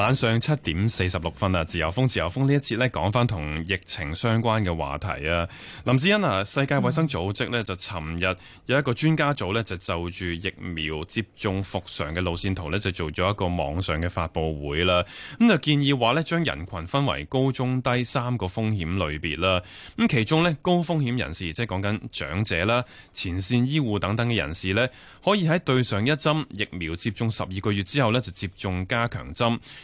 晚上七點四十六分啊！自由風，自由風這節呢，呢一節咧講翻同疫情相關嘅話題啊！林志欣啊，世界衛生組織咧就尋日有一個專家組咧就就住疫苗接種復常嘅路線圖咧就做咗一個網上嘅發布會啦。咁就建議話咧將人群分為高中低三個風險類別啦。咁其中咧高風險人士，即係講緊長者啦、前線醫護等等嘅人士咧，可以喺對上一針疫苗接種十二個月之後咧就接種加強針。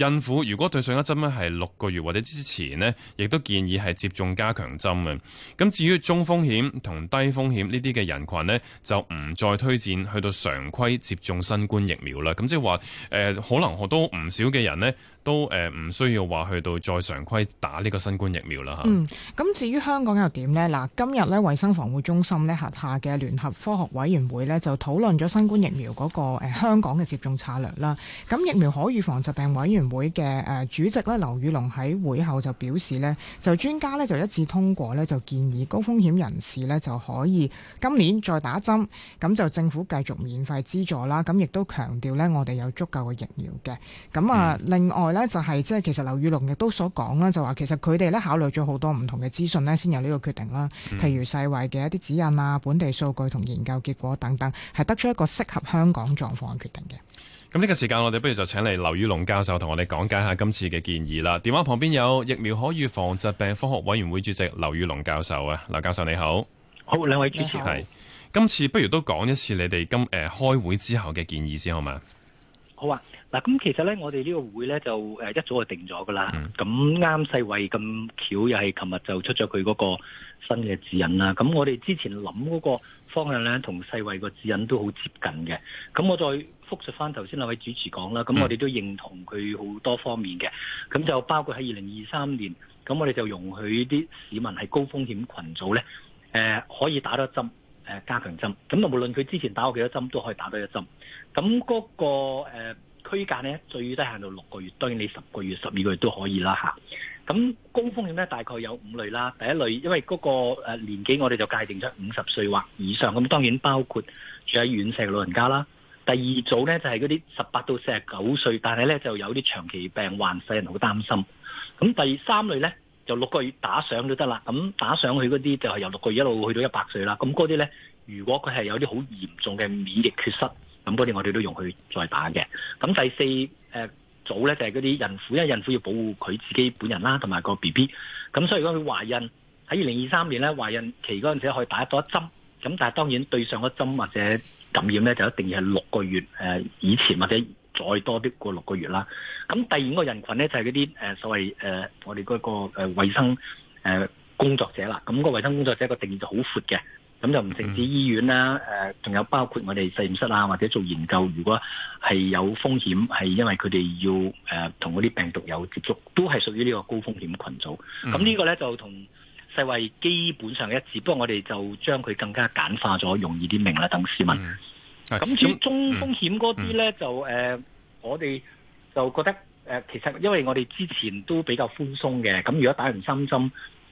孕婦如果對上一針咧係六個月或者之前呢，亦都建議係接種加強針嘅。咁至於中風險同低風險呢啲嘅人群呢，就唔再推薦去到常規接種新冠疫苗啦。咁即係話誒，可能好多唔少嘅人呢，都誒唔需要話去到再常規打呢個新冠疫苗啦嚇。咁、嗯、至於香港又點呢？嗱，今日咧，衞生防護中心呢，轄下嘅聯合科學委員會呢，就討論咗新冠疫苗嗰個香港嘅接種策略啦。咁疫苗可預防疾病委員會嘅誒，主席咧劉宇隆喺會後就表示呢，就專家呢就一致通過呢就建議高風險人士呢就可以今年再打針，咁就政府繼續免費資助啦，咁亦都強調呢，我哋有足夠嘅疫苗嘅。咁、嗯、啊，另外呢就係即係其實劉宇隆亦都所講啦，就話其實佢哋咧考慮咗好多唔同嘅資訊呢，先有呢個決定啦、嗯。譬如世衛嘅一啲指引啊，本地數據同研究結果等等，係得出一個適合香港狀況嘅決定嘅。咁呢個時間，我哋不如就請嚟劉宇隆教授同我哋講解下今次嘅建議啦。電話旁邊有疫苗可預防疾病科學委員會主席劉宇隆教授啊，劉教授你好，好，兩位主持，係今次不如都講一次你哋今誒、呃、開會之後嘅建議先好嘛？好啊！嗱，咁其實咧，我哋呢個會咧就誒一早就定咗噶啦。咁、嗯、啱世衞咁巧又係琴日就出咗佢嗰個新嘅指引啦。咁我哋之前諗嗰個方向咧，同世衞個指引都好接近嘅。咁我再複述返頭先兩位主持講啦。咁我哋都認同佢好多方面嘅。咁就包括喺二零二三年，咁我哋就容許啲市民喺高風險群組咧，誒、呃、可以打多針。誒加強針，咁啊無論佢之前打過幾多針，都可以打多一針。咁嗰個誒區間咧，最低限度六個月，當然你十個月、十二個月都可以啦嚇。咁高風險咧，大概有五類啦。第一類，因為嗰個誒年紀，我哋就界定咗五十歲或以上。咁當然包括住喺院舍嘅老人家啦。第二組咧，就係嗰啲十八到四十九歲，但係咧就有啲長期病患，使人好擔心。咁第三類咧。就六個月打上就得啦，咁打上去嗰啲就係由六個月一路去到一百歲啦。咁嗰啲咧，如果佢係有啲好嚴重嘅免疫缺失，咁嗰啲我哋都用去再打嘅。咁第四，誒、呃，組呢，咧就係嗰啲孕婦，因為孕婦要保護佢自己本人啦、啊，同埋個 B B。咁所以如果佢懷孕喺二零二三年咧，懷孕期嗰陣時可以打多一針。咁但係當然對上嗰針或者感染咧，就一定要係六個月誒、呃、以前或者。再多啲過六個月啦。咁第二個人群咧就係嗰啲誒所謂誒、呃、我哋嗰個誒衞生誒、呃、工作者啦。咁、個衞生工作者個定義就好闊嘅，咁就唔淨止醫院啦，誒、嗯、仲、呃、有包括我哋實驗室啊，或者做研究，如果係有風險，係因為佢哋要誒同嗰啲病毒有接觸，都係屬於呢個高風險群組。咁、嗯、呢個咧就同世衞基本上一致，不過我哋就將佢更加簡化咗，容易啲明啦，等市民。嗯咁至於中風險嗰啲咧，就誒、呃、我哋就覺得誒、呃、其實因為我哋之前都比較寬鬆嘅，咁如果打完三針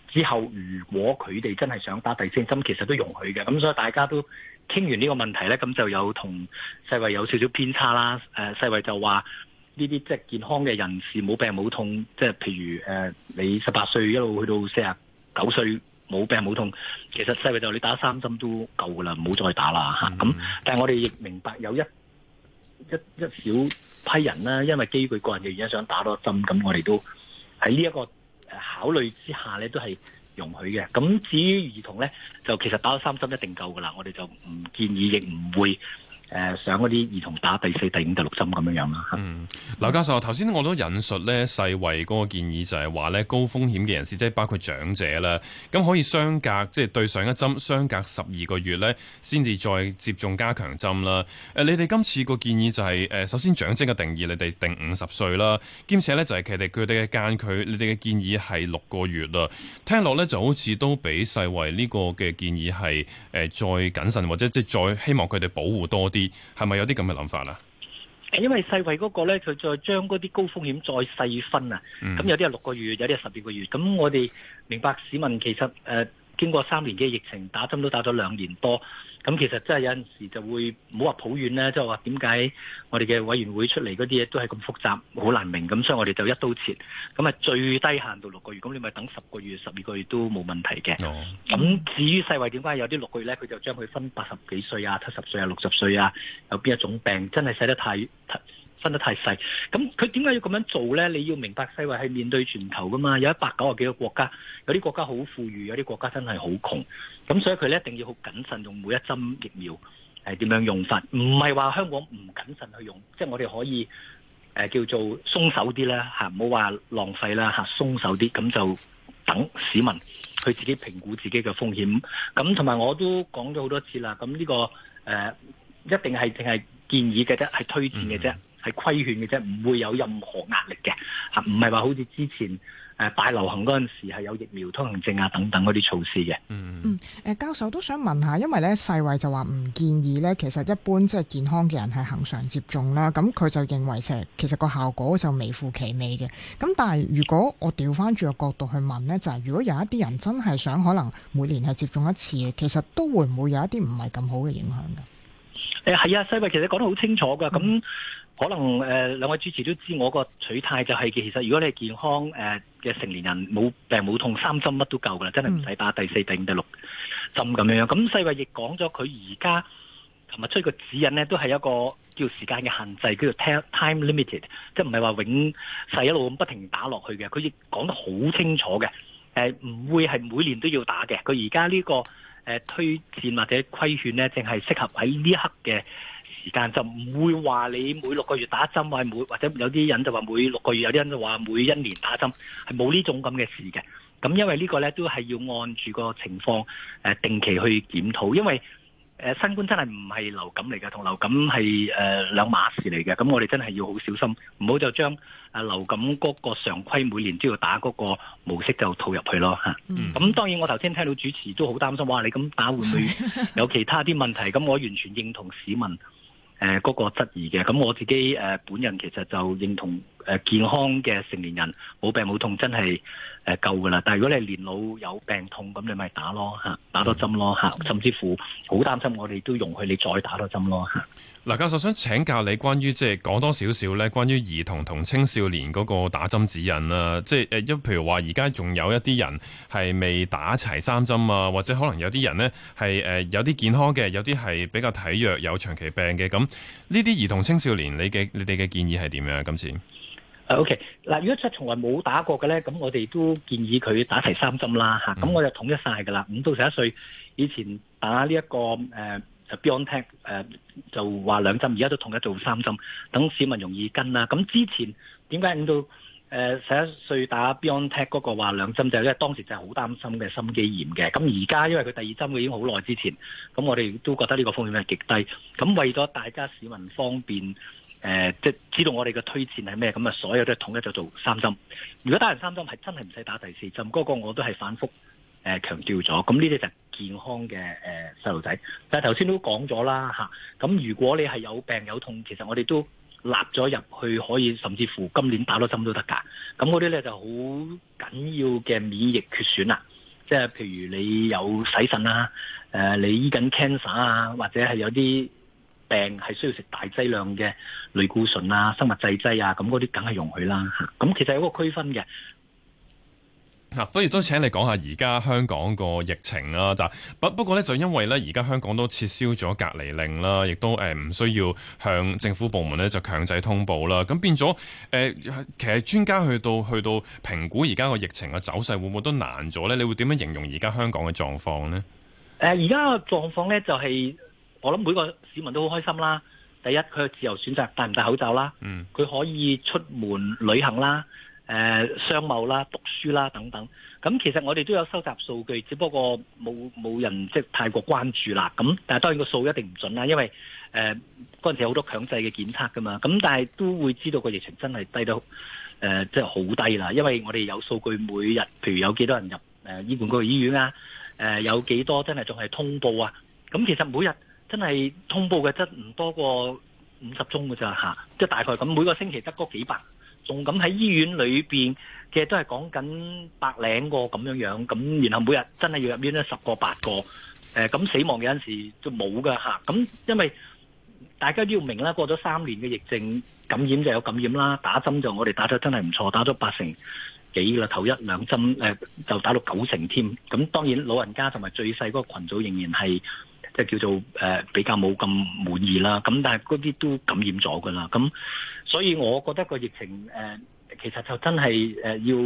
之後，如果佢哋真係想打第四針，其實都容許嘅。咁所以大家都傾完呢個問題咧，咁就有同世衛有少少偏差啦。誒、呃、世衛就話呢啲即係健康嘅人士冇病冇痛，即、就、係、是、譬如誒、呃、你十八歲一路去到四十九歲。冇病冇痛，其實世衞就你打三針都夠噶啦，唔好再打啦咁、嗯，但係我哋亦明白有一一一小批人啦、啊，因為基於佢個人嘅原因想打多針，咁我哋都喺呢一個考慮之下咧，都係容許嘅。咁至於兒童咧，就其實打咗三針一定夠噶啦，我哋就唔建議，亦唔會。誒，上嗰啲兒童打第四、第五、第六針咁樣樣啦。嗯，劉教授，頭先我都引述咧世衛嗰個建議，就係話咧高風險嘅人士，即係包括長者啦，咁可以相隔，即係對上一針相隔十二個月咧，先至再接種加強針啦。誒，你哋今次個建議就係，誒，首先長者嘅定義，你哋定五十歲啦，兼且咧就係佢哋佢哋嘅間隔，你哋嘅建議係六個月啦。聽落咧就好似都比世衛呢個嘅建議係誒再謹慎，或者即係再希望佢哋保護多啲。係咪有啲咁嘅諗法啦？因為世衛嗰個咧，佢再將嗰啲高風險再細分啊，咁、嗯、有啲係六個月，有啲係十二個月，咁我哋明白市民其實誒。呃經過三年嘅疫情，打針都打咗兩年多，咁其實真係有陣時就會唔好話抱怨咧，即係話點解我哋嘅委員會出嚟嗰啲嘢都係咁複雜，好難明咁，所以我哋就一刀切，咁啊最低限度六個月，咁你咪等十個月、十二個月都冇問題嘅。咁、哦、至於世衛點解有啲六個月咧，佢就將佢分八十幾歲啊、七十歲啊、六十歲啊，有邊一種病真係使得太，分得太細，咁佢點解要咁樣做咧？你要明白，世衞係面對全球噶嘛，有一百九十幾個國家，有啲國家好富裕，有啲國家真係好窮，咁所以佢咧一定要好謹慎用每一針疫苗係點、呃、樣用法，唔係話香港唔謹慎去用，即係我哋可以誒、呃、叫做鬆手啲啦，嚇唔好話浪費啦，嚇、啊、鬆手啲，咁就等市民佢自己評估自己嘅風險。咁同埋我都講咗好多次啦，咁呢、這個誒、呃、一定係淨係建議嘅啫，係推薦嘅啫。Mm-hmm. 規勸嘅啫，唔會有任何壓力嘅，吓唔係話好似之前誒大流行嗰陣時係有疫苗通行證啊等等嗰啲措施嘅。嗯嗯。誒，教授都想問下，因為咧世衛就話唔建議咧，其實一般即係健康嘅人係恒常接種啦。咁佢就認為其實個效果就微乎其微嘅。咁但係如果我調翻轉個角度去問咧，就係、是、如果有一啲人真係想可能每年係接種一次，其實都會唔會有一啲唔係咁好嘅影響嘅？誒，係啊，世衛其實講得好清楚噶，咁可能誒兩、呃、位主持都知道我的、就是，我個取態就係其實如果你係健康誒嘅成年人，冇病冇痛，三針乜都夠噶啦，真係唔使打第四、第五、第六針咁樣樣。咁世衛亦講咗佢而家琴日出個指引咧，都係一個叫時間嘅限制，叫做 time limited，即係唔係話永世一路咁不停打落去嘅。佢亦講得好清楚嘅，誒唔會係每年都要打嘅。佢而家呢個。推薦或者規勸呢，淨係適合喺呢一刻嘅時間，就唔會話你每六個月打一針，或每或者有啲人就話每六個月，有啲人就話每一年打針，係冇呢種咁嘅事嘅。咁因為呢個呢，都係要按住個情況誒，定期去檢討，因為。誒新冠真係唔係流感嚟嘅，同流感係誒、呃、兩碼事嚟嘅。咁我哋真係要好小心，唔好就將、呃、流感嗰個常規每年都要打嗰個模式就套入去咯嚇。咁、mm. 當然我頭先聽到主持都好擔心，哇！你咁打會唔會有其他啲問題？咁我完全認同市民嗰、呃那個質疑嘅。咁我自己、呃、本人其實就認同健康嘅成年人冇病冇痛，真係。誒，夠噶啦！但係如果你年老有病痛，咁你咪打咯吓，打多針咯吓，甚至乎好擔心，我哋都容許你再打多針咯吓。嗱，教授想請教你關於即係講多少少咧，關於兒童同青少年嗰個打針指引啊。即係誒，一譬如話而家仲有一啲人係未打齊三針啊，或者可能有啲人咧係誒有啲健康嘅，有啲係比較體弱有長期病嘅，咁呢啲兒童青少年你嘅你哋嘅建議係點樣今次？OK，嗱，如果真係從來冇打過嘅咧，咁我哋都建議佢打齊三針啦嚇。咁、嗯、我就統一晒噶啦。五到十一歲以前打呢、這、一個誒、呃，就 Biontech 誒、呃，就話兩針，而家都統一做三針，等市民容易跟啦。咁之前點解五到誒十一歲打 Biontech 嗰個話兩針，就係、是、因為當時就係好擔心嘅心肌炎嘅。咁而家因為佢第二針已經好耐之前，咁我哋都覺得呢個風險係極低。咁為咗大家市民方便。誒，即係知道我哋嘅推薦係咩，咁啊，所有都統一就做三針。如果打完三針係真係唔使打第四針，嗰、那個、個我都係反覆誒強調咗。咁呢啲就係健康嘅誒細路仔。但係頭先都講咗啦吓，咁如果你係有病有痛，其實我哋都納咗入去，可以甚至乎今年打多針都得噶。咁嗰啲咧就好緊要嘅免疫缺損啦，即係譬如你有洗腎啊，誒，你醫緊 cancer 啊，或者係有啲。病係需要食大劑量嘅類固醇啊、生物製劑啊，咁嗰啲梗係容許啦。咁其實有一個區分嘅。嗱、啊，不如都請你講下而家香港個疫情啦、啊。就不不過咧，就因為咧，而家香港都撤銷咗隔離令啦、啊，亦都誒唔、呃、需要向政府部門咧就強制通報啦、啊。咁變咗誒、呃，其實專家去到去到評估而家個疫情嘅走勢，會唔會都難咗咧？你會點樣形容而家香港嘅狀況呢？誒、呃，而家嘅狀況咧就係、是。我諗每個市民都好開心啦。第一，佢自由選擇戴唔戴口罩啦。佢、嗯、可以出門旅行啦、誒、呃、商貿啦、讀書啦等等。咁其實我哋都有收集數據，只不過冇冇人即係、就是、太過關注啦。咁但係當然個數一定唔準啦，因為誒嗰陣時有好多強制嘅檢測噶嘛。咁但係都會知道個疫情真係低到誒即係好低啦。因為我哋有數據，每日譬如有幾多人入誒醫管局醫院啊、誒、呃、有幾多真係仲係通報啊。咁其實每日。真係通報嘅，真唔多過五十宗嘅咋吓，即係大概咁。每個星期得嗰幾百，仲咁喺醫院裏邊嘅都係講緊百零個咁樣樣，咁然後每日真係要入院咧十個八個，誒、呃、咁死亡有陣時都冇㗎。吓、啊，咁因為大家都要明啦，過咗三年嘅疫症，感染就有感染啦，打針，就我哋打咗真係唔錯，打咗八成幾啦，頭一兩針、呃、就打到九成添。咁當然老人家同埋最細嗰個群組仍然係。就叫做誒比較冇咁滿意啦。咁但係嗰啲都感染咗噶啦。咁所以我覺得個疫情，誒，其實就真係誒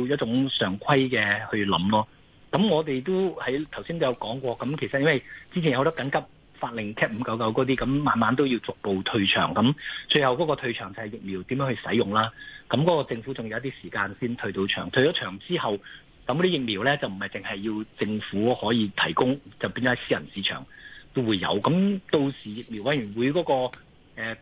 要一種常規嘅去諗咯。咁我哋都喺頭先都有講過。咁其實因為之前有好多緊急法令 cap 五九九嗰啲，咁慢慢都要逐步退場。咁最後嗰個退場就係疫苗點樣去使用啦。咁嗰個政府仲有一啲時間先退到場。退咗場之後，咁嗰啲疫苗咧就唔係淨係要政府可以提供，就變咗喺私人市場。都會有。咁到時疫苗委員會嗰、那個、呃、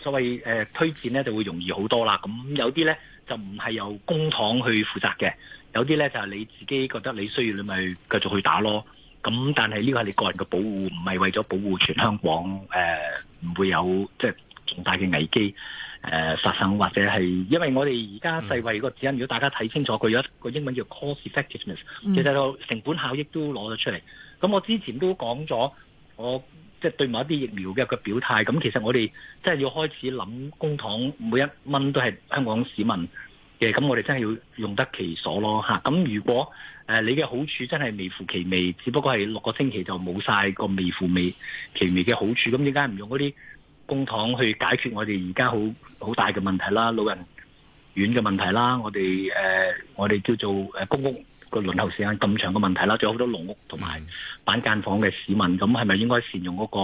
所謂誒、呃、推薦咧，就會容易好多啦。咁有啲咧就唔係由公帑去負責嘅，有啲咧就係、是、你自己覺得你需要，你咪繼續去打咯。咁但係呢個係你個人嘅保護，唔係為咗保護全香港誒，唔、呃、會有即係重大嘅危機誒、呃、發生，或者係因為我哋而家世衞個指引、嗯，如果大家睇清楚佢有一個英文叫 cost-effectiveness，其實成本效益都攞咗出嚟。咁我之前都講咗。我即係對某一啲疫苗嘅個表態，咁其實我哋真係要開始諗公帑每一蚊都係香港市民嘅，咁我哋真係要用得其所咯吓。咁如果誒你嘅好處真係微乎其微，只不過係六個星期就冇晒個微乎微其微嘅好處，咁點解唔用嗰啲公帑去解決我哋而家好好大嘅問題啦？老人院嘅問題啦，我哋誒我哋叫做誒公屋。個輪候時間咁長嘅問題啦，仲有好多籠屋同埋板間房嘅市民，咁係咪應該善用嗰、那個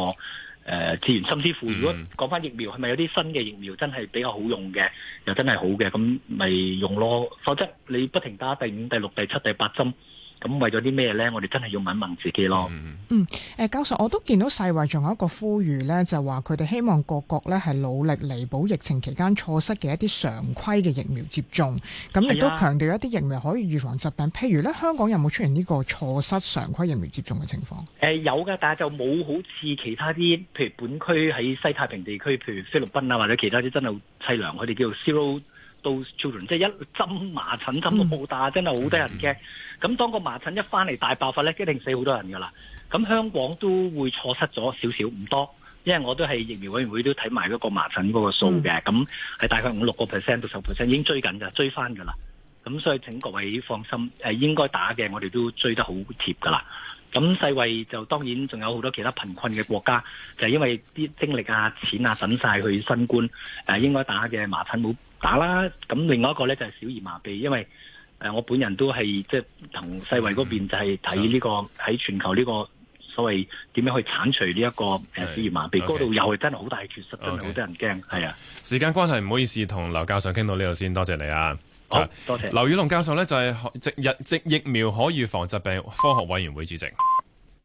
誒資、呃、源？甚至乎，如果講翻疫苗，係咪有啲新嘅疫苗真係比較好用嘅，又真係好嘅，咁咪用咯？否則你不停打第五、第六、第七、第八針。咁為咗啲咩咧？我哋真係要問一問自己咯。嗯嗯、呃。教授，我都見到世衛仲有一個呼籲咧，就話佢哋希望各國咧，係努力彌補疫情期間錯失嘅一啲常規嘅疫苗接種。咁亦都強調一啲疫苗可以預防疾病。譬如咧，香港有冇出現呢個錯失常規疫苗接種嘅情況？誒、呃、有㗎，但係就冇好似其他啲，譬如本區喺西太平洋地區，譬如菲律賓啊，或者其他啲真係好淒涼，佢哋叫做 zero。到 Children，即係一針麻疹、嗯、針都冇打，真係好得人驚。咁、嗯、當個麻疹一翻嚟大爆發咧，一定死好多人噶啦。咁香港都會錯失咗少少，唔多，因為我都係疫苗委員會都睇埋嗰個麻疹嗰個數嘅。咁、嗯、係大概五六個 percent 到十 percent，已經追緊㗎，追翻㗎啦。咁所以請各位放心，誒、呃、應該打嘅我哋都追得好貼㗎啦。咁世衞就當然仲有好多其他貧困嘅國家，就係、因為啲精力啊、錢啊揾晒去新冠，誒、呃、應該打嘅麻疹冇。打啦，咁另外一個咧就係小兒麻痹，因為誒我本人都係即係同世衞嗰邊就係睇呢個喺、嗯嗯、全球呢個所謂點樣去剷除呢一個誒小兒麻痹，嗰度又係真係好大缺失，真係好得人驚，係、okay, okay, 啊！時間關係唔好意思，同劉教授傾到呢度先，多謝你啊！好，多謝劉宇隆教授咧，就係直日直疫苗可預防疾病科學委員會主席。